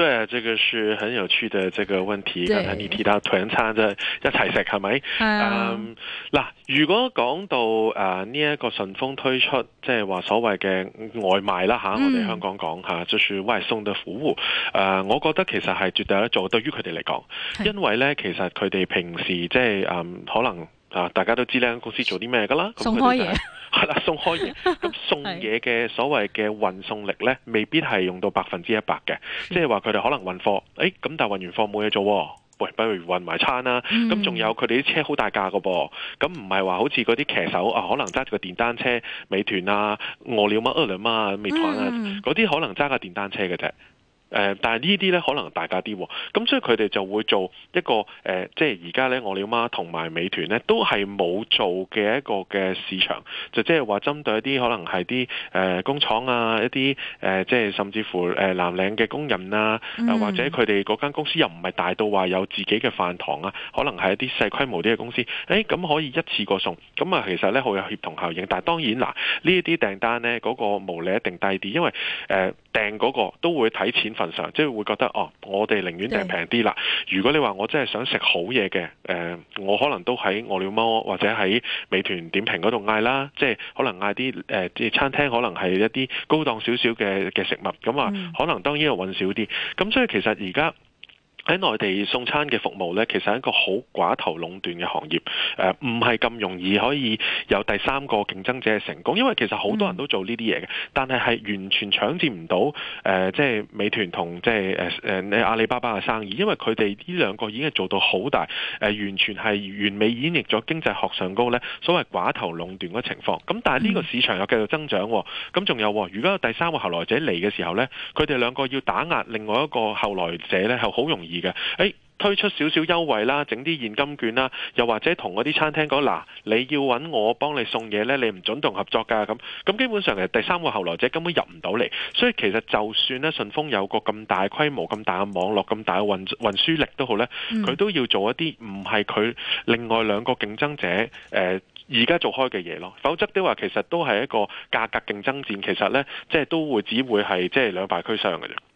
對，這個是很有趣的這個問題。剛才你提到團餐就一齊食係咪？嗯，嗱、uh, um，如果講到誒呢一個順豐推出，即係話所謂嘅外賣啦吓，uh, um, 我哋香港講吓，uh, 就是外送的服務，誒、uh，我覺得其實係絕對一做對於佢哋嚟講，uh, 因為咧，其實佢哋平時即係誒可能。啊！大家都知呢間公司做啲咩噶啦？送開嘢，係啦、就係、 送開嘢。咁送嘢嘅所謂嘅運送力呢，未必係用到百分之一百嘅。即係話佢哋可能運貨，誒、哎、咁但係運完貨冇嘢做，喂不如運埋餐啦、啊。咁、嗯、仲有佢哋啲車大價好大架噶噃，咁唔係話好似嗰啲騎手啊，可能揸住個電單車，美團啊、餓了麼、餓了麼啊、美團啊，嗰啲可能揸架電單車嘅啫。誒、呃，但呢啲咧可能大價啲、哦，咁所以佢哋就會做一個誒、呃，即係而家咧，我哋媽同埋美團咧都係冇做嘅一個嘅市場，就即係話針對一啲可能係啲誒工廠啊，一啲誒、呃、即係甚至乎誒、呃、藍領嘅工人啊，嗯、或者佢哋嗰間公司又唔係大到話有自己嘅飯堂啊，可能係一啲細規模啲嘅公司，誒、欸、咁可以一次過送，咁啊其實咧好有協同效應，但係當然嗱呢一啲訂單咧嗰、那個毛利一定低啲，因為誒。呃訂嗰、那個都會睇錢份上，即係會覺得哦，我哋寧願訂平啲啦。如果你話我真係想食好嘢嘅，誒、呃，我可能都喺餓了麼，或者喺美團點評嗰度嗌啦，即係可能嗌啲誒餐廳，可能係一啲高檔少少嘅嘅食物。咁啊、嗯，可能當然又搵少啲。咁所以其實而家。喺內地送餐嘅服務呢，其實係一個好寡頭壟斷嘅行業，誒唔係咁容易可以有第三個競爭者嘅成功，因為其實好多人都做呢啲嘢嘅，但係係完全搶佔唔到誒，即係美團同即係誒誒阿里巴巴嘅生意，因為佢哋呢兩個已經做到好大，誒完全係完美演繹咗經濟學上高呢所謂寡頭壟斷嘅情況。咁但係呢個市場又繼續增長，咁仲有，如果有第三個後來者嚟嘅時候呢，佢哋兩個要打壓另外一個後來者呢，係好容易。哎、推出少少優惠啦，整啲現金券啦，又或者同嗰啲餐廳講嗱，你要揾我幫你送嘢呢，你唔准同合作噶。咁咁基本上第三個後來者根本入唔到嚟，所以其實就算呢順豐有個咁大規模、咁大嘅網絡、咁大嘅運運輸力都好呢，佢、嗯、都要做一啲唔係佢另外兩個競爭者而家、呃、做開嘅嘢咯，否則的話其實都係一個價格競爭戰，其實呢，即、就、係、係、都會只會係即係兩敗俱傷嘅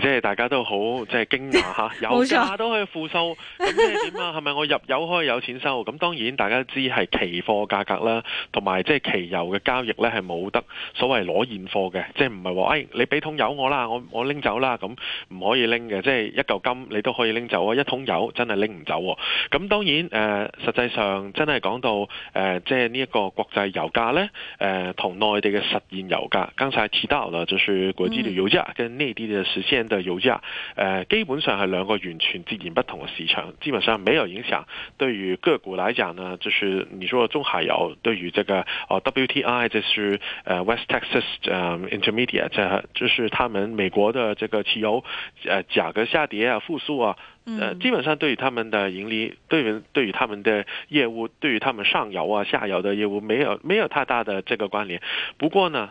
即 大家都好，即係驚訝嚇，油價都可以負收，咁即係點啊？係咪我入油可以有錢收？咁 當然大家都知係期貨價格啦，同埋即係期油嘅交易咧係冇得所謂攞現貨嘅，即係唔係話誒你俾桶油我啦，我我拎走啦，咁唔可以拎嘅，即、就、係、是、一嚿金你都可以拎走啊，一桶油真係拎唔走。咁當然誒、呃，實際上真係講到誒、呃，即係呢一個國際油價咧，同、呃、內地嘅實現油價，剛才提到啦，就算啫，呢啲現的油價、呃，基本上係兩個完全截然不同嘅市場，基本上沒有影響。對於個股來講呢，就是你說中海油，對於這個、哦、WTI，就是、呃、West Texas、呃、Intermediate，即、呃、係就是他們美國的這個汽油、呃、價格下跌啊，復甦啊、呃嗯，基本上對於他們的盈利，對於對於他們的業務，對於他們上游啊下游的業務沒有沒有太大的這個關聯。不過呢，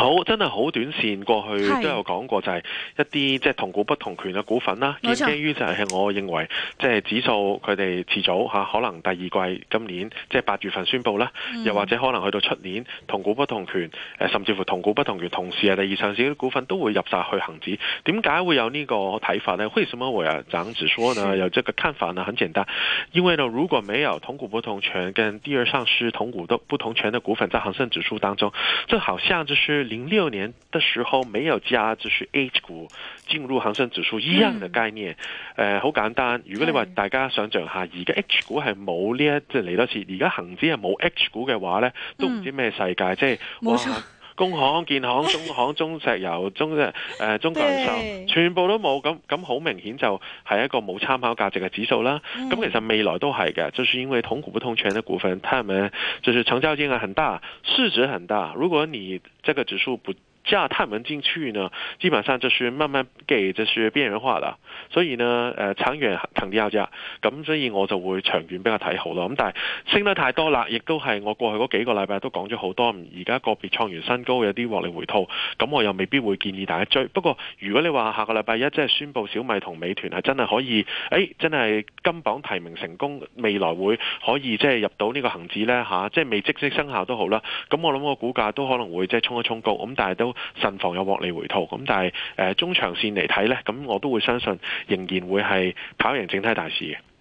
好，真係好短線過去都有講過就是，就係一啲即係同股不同權嘅股份啦，基於、啊、就係我認為，即係、就是、指數佢哋遲早可能第二季今年即係八月份宣佈啦、嗯，又或者可能去到出年同股不同權，甚至乎同股不同權同時係第二上市嘅股份都會入晒去恒指。點解會有呢個睇法呢？為什麼會有漲指數呢？有這個看法呢？很簡單，因為呢，如果沒有同股不同權跟第二上市同股都不同權嘅股份在恒生指數當中，這好像就是。零六年的時候沒有加，就是 H 股進入恒生指數一樣的概念。誒、嗯，好、呃、簡單。如果你話大家想象下，而家 H 股係冇呢一即係嚟多次，而家恒指係冇 H 股嘅話咧、嗯，都唔知咩世界，即係冇工行、建行、中行、中石油、 中即誒、呃、中國人壽，全部都冇咁咁，好明顯就係一個冇參考價值嘅指數啦。咁 其實未來都係嘅，就是因為同股不同權嘅股份，佢哋就是成交金額很大，市值很大。如果你這個指數不加唔碳先出去啊，基本上就算乜乜嘅，就算邊緣化啦。所以呢，誒長遠肯定要加，咁所以我就會長遠比較睇好咯。咁但係升得太多啦，亦都係我過去嗰幾個禮拜都講咗好多。而家個別創完新高，有啲獲利回吐，咁我又未必會建議大家追。不過如果你話下個禮拜一即係宣布小米同美團係真係可以，誒、欸、真係金榜提名成功，未來會可以即係入到呢個恒指呢。吓、啊，即、就、係、是、未即即生效都好啦。咁我諗個股價都可能會即係衝一衝高，咁但係都。慎防有獲利回吐，咁但係，誒，中長線嚟睇咧，咁我都會相信仍然會係跑贏整體大市嘅。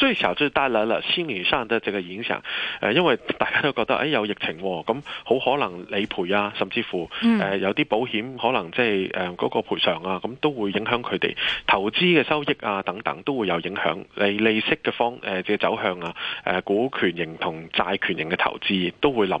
最少就帶來啦，心理上的這個影響，呃。因為大家都覺得誒、哎、有疫情、哦，咁好可能理賠啊，甚至乎、呃、有啲保險可能即係嗰個賠償啊，咁都會影響佢哋投資嘅收益啊，等等都會有影響。你利息嘅方即嘅、呃、走向啊，呃、股權型同債權型嘅投資都會諗。